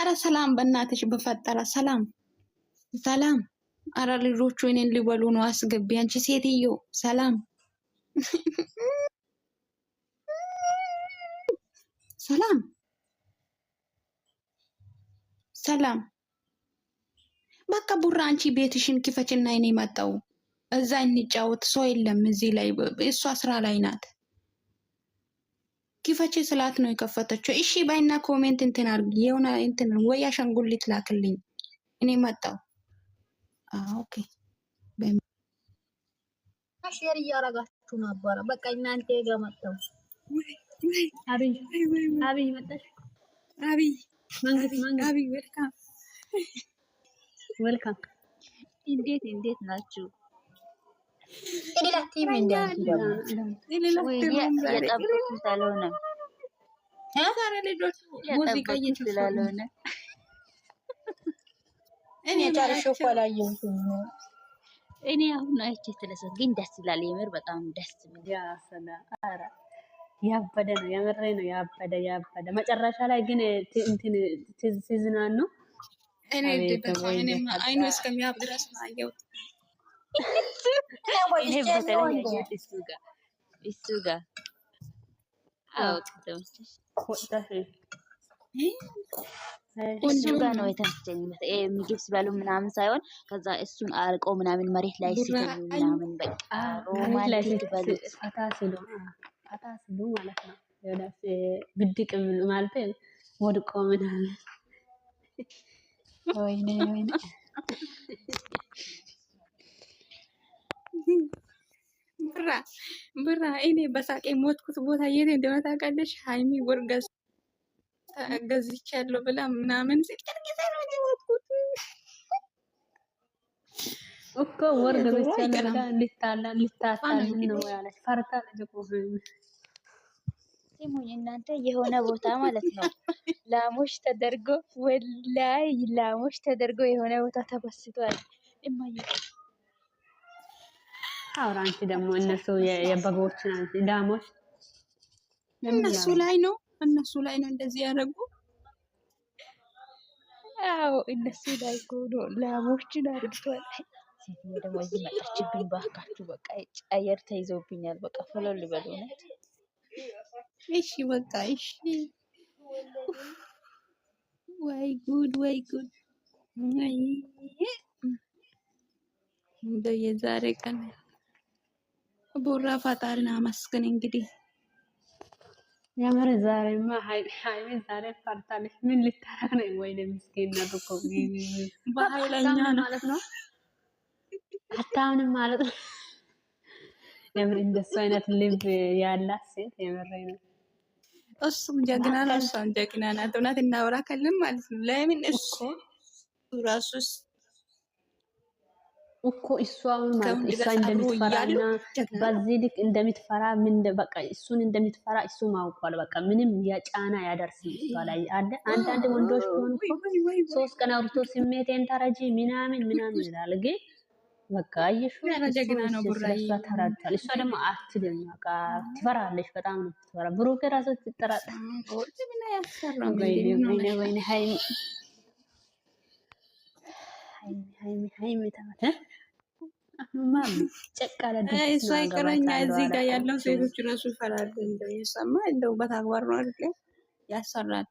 አረ ሰላም፣ በእናትሽ በፈጠረ ሰላም፣ ሰላም። አረ ልጆቹ እኔን ሊበሉ ነው። አስገቢ አንቺ ሴትዮ። ሰላም፣ ሰላም፣ ሰላም። በቃ ቡራ አንቺ ቤትሽን ክፈችና እኔ መጣው። እዛ እንጫወት። ሰው የለም እዚህ ላይ እሷ ስራ ላይ ናት። ክፈች ስላት ነው የከፈተችው። እሺ ባይና ኮሜንት እንትን አርጉ የሆነ እንትን ወይ አሻንጉሊት ላክልኝ እኔ መጣው። ኦኬ ሼር እያረጋችሁ ነበረ። በቃ እናንተ ጋ መጣው። አብይ አብይ መጣሽ። አብይ አብይ ወልካም ወልካም። እንዴት እንዴት ናችሁ? የሌላ ቲም እኔ አሁን አይቼ ስለሰው ግን ደስ ይላል። የምር በጣም ደስ የሚል ኧረ ያበደ ነው። የምሬ ነው። ያበደ ያበደ መጨረሻ ላይ ግን እንትን ሲዝናኑ እኔ አይኑ እስከሚያብድ ድረስ ነው አየሁት። እሱ ጋር ነው የተመቸኝ። ምግብ ሲበሉ ምናምን ሳይሆን ከዛ እሱን አርቆ ምናምን መሬት ላይ ሲተኙ ምናምን በቃ ሮማንቲክ በሉት ሲሉ ማለት ነው። ብድቅ ማለት ወድቆ ምናምን ወይኔ ወይኔ ብራ ብራ እኔ በሳቄ ሞትኩት ቦታ የት እንደሆነ ታውቃለሽ? ሀይሚ ወር ገዝቻለሁ ብላ ምናምን ሲቀር ጊዜ ነው ሞትኩት እኮ ወር እናንተ የሆነ ቦታ ማለት ነው ላሞች ተደርጎ ወላይ ላሞች ተደርጎ የሆነ ቦታ ተበስቷል እማየ አውራ አንቺ ደግሞ እነሱ የበጎች ላሞች እነሱ ላይ ነው እነሱ ላይ ነው እንደዚህ ያደረጉ። አዎ እነሱ ላይ ጎዶ ላሞችን አድርቷል። ሴትዮ ደግሞ እዚህ መጣችብኝ። ባካችሁ በቃ አየር ተይዘውብኛል። በቃ ፈለው ልበሉ ነት እሺ በቃ እሺ። ወይ ጉድ ወይ ጉድ እንደው የዛሬ ቀን ቡራ ፈጣሪን አመስግን። እንግዲህ የምር ዛሬማ ሀይሚ ዛሬ ፈርታለች። ምን ልታረግ ነው? ወይኔ ምስኪን ነብኮ በሀይለኛ ማለት ነው። አታምንም ማለት ነው። የምር እንደሱ አይነት ልብ ያላት ሴት የምር ነው። እሱም ጀግና ነው፣ እሷም ጀግና ናት። እውነት እናወራ ከልም ማለት ነው። ለምን እሱ ራሱስ እኮ እሷ እሷ እንደምትፈራና በዚህ ልክ እንደምትፈራ ምን በቃ እሱን እንደምትፈራ እሱ ማውቋል። በቃ ምንም የጫና ያደርስ እሷ ላይ አለ። አንዳንድ ወንዶች ሆኑ ሶስት ቀን አውርቶ ስሜቴን ተረጂ ምናምን ምናምን ይላል። ግን በቃ አየሹ እሷ ተረድቷል። እሷ ደግሞ አትልም። በቃ ትፈራለች፣ በጣም ነው ትፈራ። ብሩክ ራሱ ትጠራጣ ወይኔ ወይኔ ሀይሚ ሀይሚ ሀይሚ ተመ እሷ ይቅረኛ። እዚህ ጋር ያለው ሴቶች እነሱ ይፈራሉ። እንደው የሰማ እንደው በተግባር ነው አድርገ ያሰራል።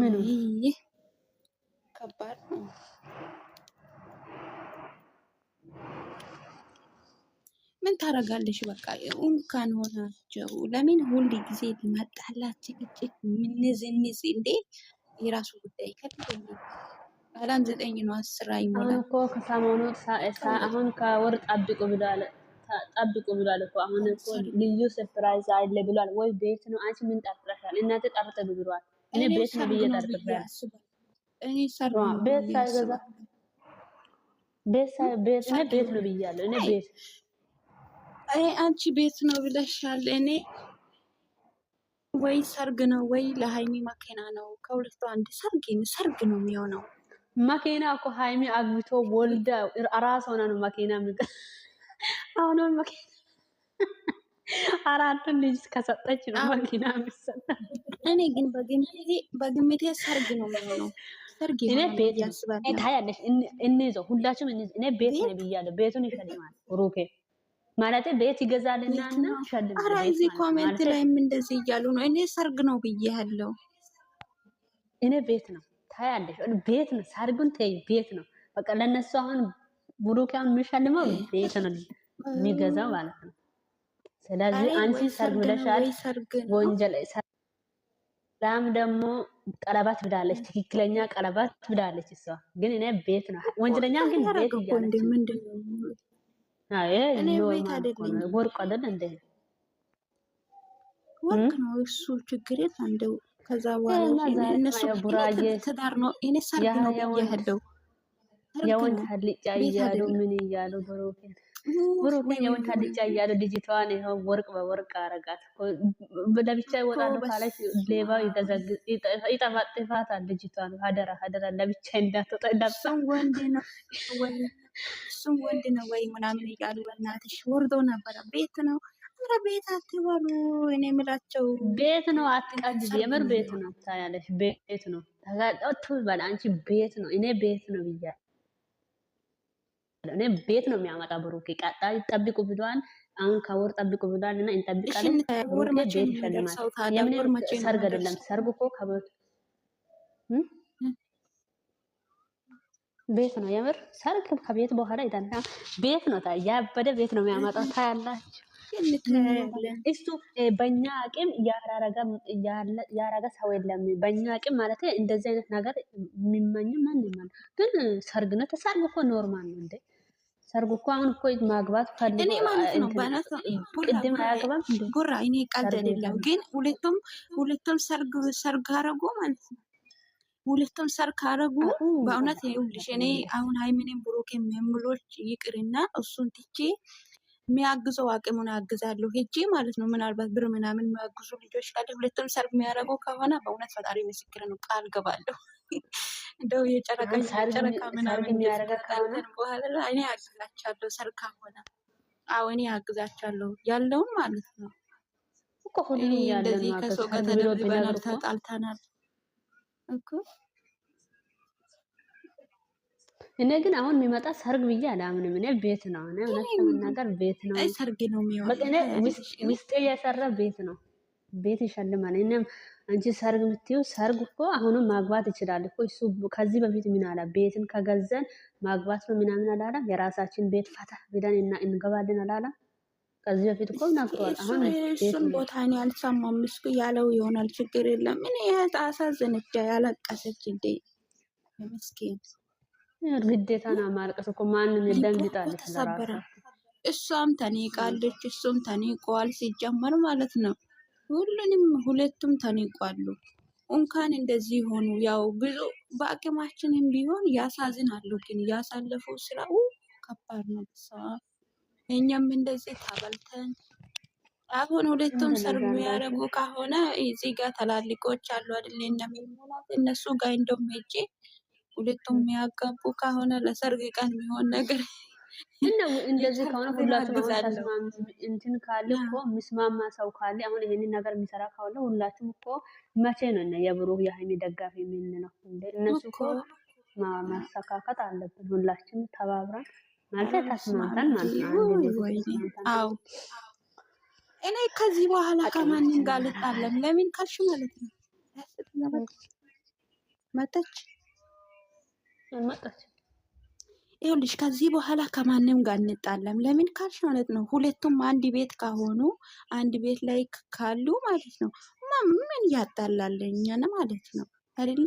ምን ይህ ከባድ ነው። ምን ታደርጋለሽ? በቃ እንኳን ሆናቸው። ለምን ሁል ጊዜ መጣላት፣ ጭቅጭቅ፣ ምንዝንዝ? እንዴ የራሱ ጉዳይ ከልብ አላም ዘጠኝ ነው አስር አይሞላ። አሁን እኮ ከሰሞኑ አሁን ከወር ጠብቁ ብሏል፣ ጠብቁ ብሏል እኮ አሁን እኮ ልዩ ሰፕራይዝ አለ ብሏል። ወይ ቤት ነው አንቺ ምን ጠርጥረሻል? እናንተ ጠርጥሩ ብሏል። እኔ ቤት ነው ብዬ ጠርጥረሻል። ቤት ነው ብያለሁ። እኔ ቤት አይ አንቺ ቤት ነው ብለሻል። እኔ ወይ ሰርግ ነው ወይ ለሃይሚ መኪና ነው፣ ከሁለቱ አንድ ሰርግ ሰርግ ነው የሚሆነው መኪና እኮ ሃይሚ አግብቶ ወልዳ አራስ ሆና ነው መኪና ምግ አሁን መኪና አራቱን ልጅ ከሰጠች ነው መኪና የሚሰጠ። እኔ ግን በግምቴ ሰርግ ነው የሚሆነው። ሁላችሁም ቤት ቤቱን ሩኬ ማለት ቤት ኮሜንት እያሉ ነው። እኔ ሰርግ ነው ብዬ ያለው እኔ ቤት ነው ታያለሽ። ቤት ነው ሳርጉን ተይ ቤት ነው በቃ ለነሱ አሁን ቡሩክ አሁን የሚሸልመው ቤት ነው የሚገዛው ማለት ነው። ስለዚህ አንቺ ሰርግ ብለሻል፣ ወንጀል ሰላም ደግሞ ቀለባት ብላለች። ትክክለኛ ቀለባት ብላለች እሷ። ግን እኔ ቤት ነው ወንጀለኛ ግን ቤት እያለች ወርቅ አይደል እንደ ወርቅ ነው እሱ ችግር የለ እንደው ከዛ በኋላ እነሱ ትዳር ነው። እኔ ሰርግ ነው ያለው የወንድ እያሉ ምን እያሉ ብሩኬን ብሩኬን የወንድ እያሉ ልጅቷን ይኸው ወርቅ በወርቅ አረጋት። ለብቻ ይወጣሉ ካለች ሌባው ይጠፋጥፋታል ልጅቷን። ሀደራ ሀደራ ለብቻ እሱም ወንድ ነው ወይ ምናምን እያሉ በእናትሽ ወርዶ ነበረ ቤት ነው ኧረ ቤት አትበሉ። እኔ የምላቸው ቤት ነው። አትቃጅ የምር ቤት ነው ታያለሽ። ቤት ነው ተጋጠቱ በል አንቺ ቤት ነው። እኔ ቤት ነው ብያለሁ። እኔ ቤት ነው የሚያመጣ ብሩክ ቀጣይ ጠብቁ ብሏል። አሁን ከወር ጠብቁ ብሏል እና እንጠብቃለን። ሰርግ አይደለም። ሰርግ እኮ ከቤት ቤት ነው የምር ሰርግ ከቤት በኋላ ይዳና ቤት ነው። ያበደ ቤት ነው የሚያመጣው ታያላችሁ። እሱ በእኛ አቅም ያረገ ሰው የለም። በእኛ አቅም ማለት እንደዚህ አይነት ነገር የሚመኝ ማንም ግን ሰርግ ነው፣ ተሰርግ እኮ ኖርማል ነው እንዴ! ሰርግ እኮ አሁን እኮ ማግባት ጉራ እኔ ቀልድ አይደለም። ግን ሁለቱም ሁለቱም ሰርግ ሰርግ አረጉ ማለት ነው። ሁለቱም አረጉ በእውነት ይኸውልሽ፣ እኔ አሁን ሃይሚኔም ብሩኬም የምሎች ይቅርና እሱን ትቼ የሚያግዘው አቅሙን አግዛለሁ ሄጂ ማለት ነው። ምናልባት ብር ምናምን የሚያግዙ ልጆች ካለ ሁለቱም ሰርግ የሚያደርጉ ከሆነ በእውነት ፈጣሪ ምስክር ነው፣ ቃል ገባለሁ። እንደው የጨረቃ ጨረቃ ምናምን በኋላ እኔ አግዛቻለሁ። ሰርግ ከሆነ አዎ እኔ አግዛቻለሁ ያለውን ማለት ነው እኮ ሁሉ እንደዚህ ከሰው ጋር ተደብበናል፣ ተጣልተናል እኮ እኔ ግን አሁን የሚመጣ ሰርግ ብዬ አላምንም። እኔ ቤት ነው እኔ እውነት ለመናገር ቤት ነው፣ ሰርግ ነው የሚሆነው። ውስጤ እያሰራ ቤት ነው፣ ቤት ይሸልማል። እኔም አንቺ ሰርግ የምትይው ሰርግ እኮ አሁንም ማግባት ይችላል እኮ እሱ። ከዚህ በፊት ምን አላ ቤትን ከገዘን ማግባት ነው ምናምን አላለም። የራሳችን ቤት ፈታ ብለን እንገባለን አላለም። ከዚህ በፊት እኮ ናግሯል። አሁን እሱን ቦታ እኔ አልሰማም። እስኩ ያለው ይሆናል፣ ችግር የለም። ምን ያህል አሳዘነች፣ ያለቀሰች እንዴ ምስኪን ግዴታ ነው ማልቀስ እኮ ማንም የለም። ይጣልሽ ተሰበረ። እሷም ተኒቃለች፣ እሱም ተኒቋል። ሲጀመር ማለት ነው ሁሉንም ሁለቱም ተኒቋሉ። እንኳን እንደዚህ ሆኑ። ያው ብዙ በአቅማችንም ቢሆን ያሳዝናሉ፣ ግን ያሳለፈው ስራ ከባድ ነው። እኛም እንደዚህ ተበልተን አሁን ሁለቱም ሰርጉ ያደረጉ ከሆነ እዚህ ጋር ተላልቆች አሉ አይደል? እነሱ ጋር እንደውም ሄጄ ሁለቱም የሚያጋቡ ከሆነ ለሰርግ ቀን የሚሆን ነገር እንደው እንደዚህ ከሆነ ሁላችሁም እንትን ካለ እኮ ምስማማ ሰው ካለ አሁን ይህን ነገር የሚሰራ ከሆነ ሁላችሁም እኮ መቼ ነው እና የብሩክ የሀይሚ ደጋፊ የምንለው እንደ እነሱ እኮ ማስተካከት አለብን። ሁላችን ተባብረን ማለት ተስማምተን ማለት እኔ ከዚህ በኋላ ከማንም ጋር ልጣለም ለምን ካልሽ ማለት ነው መተች ይኸውልሽ ከዚህ በኋላ ከማንም ጋር እንጣለም። ለምን ካልሽ ማለት ነው ሁለቱም አንድ ቤት ከሆኑ አንድ ቤት ላይ ካሉ ማለት ነው ምን ያጣላል እኛን ማለት ነው አይደለ?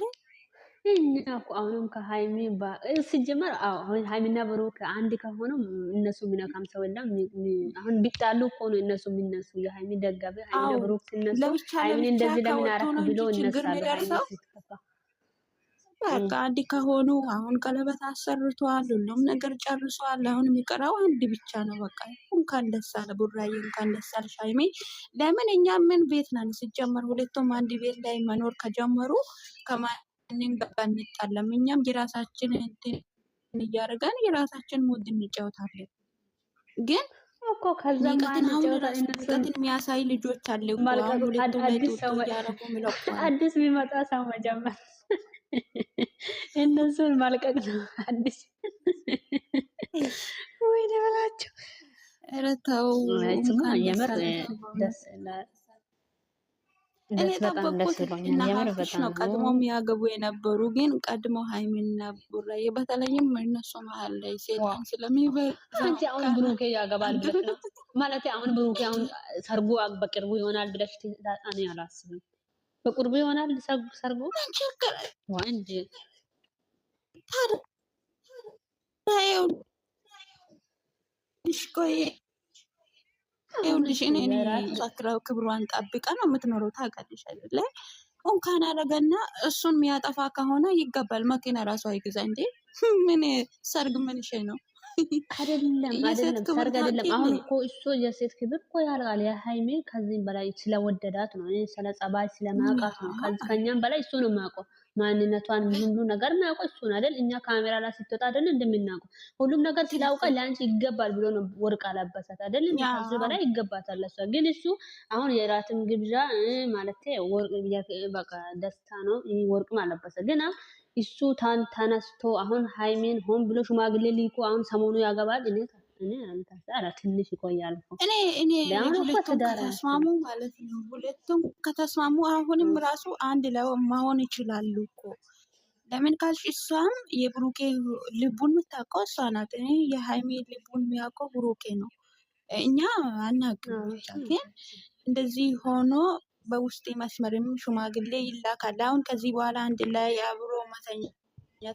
አሁንም ከሀይሚ ሲጀመር ሀይሚና ብሩክ አንድ ከሆነ እነሱ የሚነካም ሰው የለም። አሁን ቢጣሉ እኮ ነው እነሱ የሚነሱ የሀይሚ ደጋፊ ሀይሚና ብሩክ ሲነሱ ሀይሚን እንደዚህ ለምን አረፍ ብሎ እነሳለ በቃ አንድ ከሆኑ አሁን ቀለበት አሰርቷል፣ ሁሉም ነገር ጨርሷል። አሁን የሚቀረው አንድ ብቻ ነው። በቃ እንኳን ደስ አለ ቡራዬ፣ እንኳን ደስ አለ ሻይሜ። ለምን እኛ ምን ቤት ነን ሲጀመር፣ ሁለቱም አንድ ቤት ላይ መኖር ከጀመሩ ከማንም ጋር እንጣለም። እኛም የራሳችን እንትን እያደረገን የራሳችን ሙድ እንጫወታለን። ግን እኮ ከዛ ከዛም የሚያሳይ ልጆች አለ ሁለቱም ላይ ያረጉ አዲስ የሚመጣ ሰው መጀመር እነሱን ማልቀቅ ነው አዲስ ወይ ደበላቸው። ኧረ ተው ነው። ቀድሞ የሚያገቡ የነበሩ ግን ቀድሞ ሀይሚና ቡራዬ በተለይም እነሱ መሀል ላይ ሴጣን አሁን ብሩኬ ያገባል ብለሽ ነው ማለት አሁን ብሩኬ አሁን ሰርጉ በቅርቡ ይሆናል ብለሽ አላስብም። በቁርቡ ይሆናል ሰርጉ እንጂ ይኸውልሽ እኔ ጨክረው ክብሯን ጠብቃ ነው የምትኖረው። ታውቃለሽ አይደለ? እንኳን አደረገና እሱን የሚያጠፋ ከሆነ ይገባል። መኪና ራሱ አይግዛ እንዴ! ምን ሰርግ ምንሽ ነው? አይደለም አይደለም ሰርግ አይደለም። አሁን እኮ እሱ የሴት ክብር እኮ ያልቃል። የሀይሜ ከዚህም በላይ ስለወደዳት ነው፣ ስለ ጸባይ ስለማውቃት ነው። ከኛም በላይ እሱ ነው የሚያውቀው ማንነቷን፣ ሁሉ ነገር ማያውቀ እሱ ነው አይደል? እኛ ካሜራ ላይ ስትወጣ አይደል እንደምናውቀ ሁሉም ነገር ስላውቀ ለአንቺ ይገባል ብሎ ነው ወርቅ አላበሳት አይደል? ከዚህ በላይ ይገባታል ለሷ። ግን እሱ አሁን የራትም ግብዣ ማለት በቃ ደስታ ነው፣ ወርቅም አለበሰ ግን እሱ ተነስቶ አሁን ሃይሜን ሆን ብሎ ሽማግሌ ሊቁ አሁን ሰሞኑ ያገባል። እኔ እኔ አረ ትንሽ ይቆያል። እኔ እኔ ከተስማሙ ማለት ነው። ሁለቱም ከተስማሙ አሁንም ራሱ አንድ ላይ መሆን ይችላሉ እኮ። ለምን ካልሽ እሷም የብሩኬ ልቡን የምታውቀው እሷ ናት። እኔ የሃይሜ ልቡን የሚያውቀው ብሩኬ ነው። እኛ አናግ ግን እንደዚህ ሆኖ በውስጥ መስመርም ሽማግሌ ይላካል። አሁን ከዚህ በኋላ አንድ ላይ አብሮ መተኛት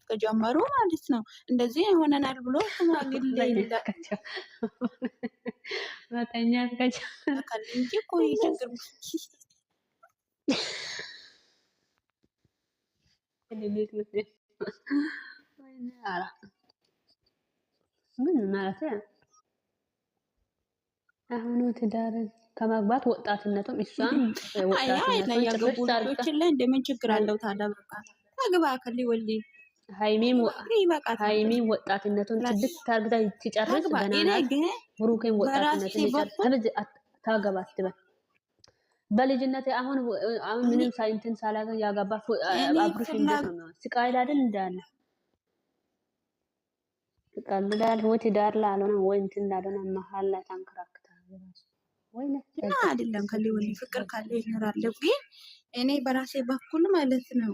ከጀመሩ ማለት ነው እንደዚህ ይሆነናል ብሎ ሽማግሌ ይላካል እንጂ እኮ ችግር ምን ማለት አሁኑ ትዳርን ከመግባት ወጣትነትም እሷን ወጣትነትችን ላይ እንደምን ችግር አለው ታዲያ? በቃ ታግባ ከሊ ወልዲ ሀይሚም ወጣትነቱን ችግር ታርግታ ትጨርስ። በናናት ብሩኬን ወጣትነትን ታገባ ስትበል በልጅነት አሁን አሁን ምንም ሳይንትን ሳላገ ያጋባ አብሩሽ እንዴት እንዳለ ቀልዳል ወይ ትዳር ላልሆነ ወይ እንትን ላልሆነ መሀል ላይ ታንከራክታ ራሱ እና አይደለም ከሌ ወ ፍቅር ካለ ይኖራለሁ። ግን እኔ በራሴ በኩል ማለት ነው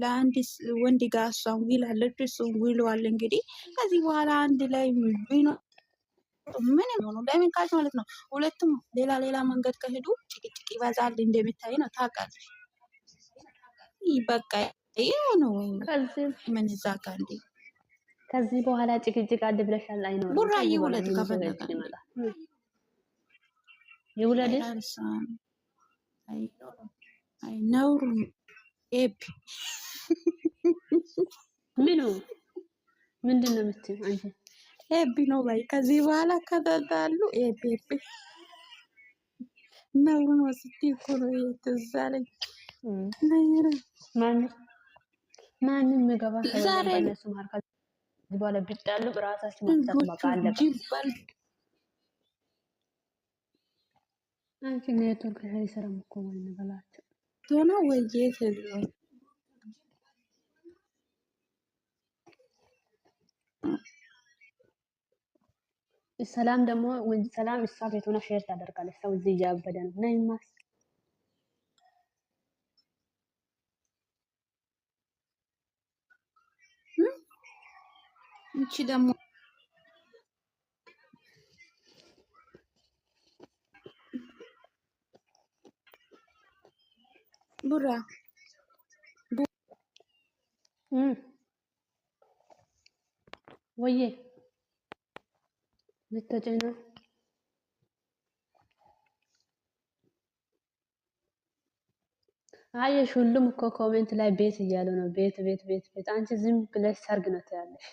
ለአንድ ወንድ ጋር እሷን ዊል አለች፣ እሱን ዊለዋል። እንግዲህ ከዚህ በኋላ አንድ ላይ ቢኖር ምን ሆኑ? ለምን ካልሽ ማለት ነው ሁለቱም ሌላ ሌላ መንገድ ከሄዱ ጭቅጭቅ ይበዛል። እንደሚታይ ነው ታውቃለሽ። በቃ ይሄ ነው ምን እዛ ጋ እንዴ ከዚህ በኋላ ጭቅጭቅ አለ ብለሻል። አይኖርም። ቡራዬ ይውለድ ከፈለገ ይውለድ። ነውር ኤፕ ምኑ ምንድን ነው የምትይው አንቺ? ኤፕ ነው ባይ። ከዚህ በኋላ ከተጣሉ ኤፕ ኤፕ ነውር ነው ስትይ እኮ ነው ትዝ አለኝ። ማንም ማንም ገባ ዛሬ በኋላ ቢጣሉ ራሳችን መፍታት ማቃ አንቺ ኔትወርክ አይሰራም እኮ ወይ በላቸው ሰላም ደግሞ ሰላም እሷ ቤት ሆና ሼር ታደርጋለች። ሰው እዚህ እያበደ ነው ነይማስ አንቺ ደግሞ ቡራ ወዬ ልትወጪ ነው? አየሽ፣ ሁሉም እኮ ኮሜንት ላይ ቤት እያሉ ነው። ቤት ቤት ቤት ቤት። አንቺ ዝም ብለሽ ሰርግ ነው ትያለሽ።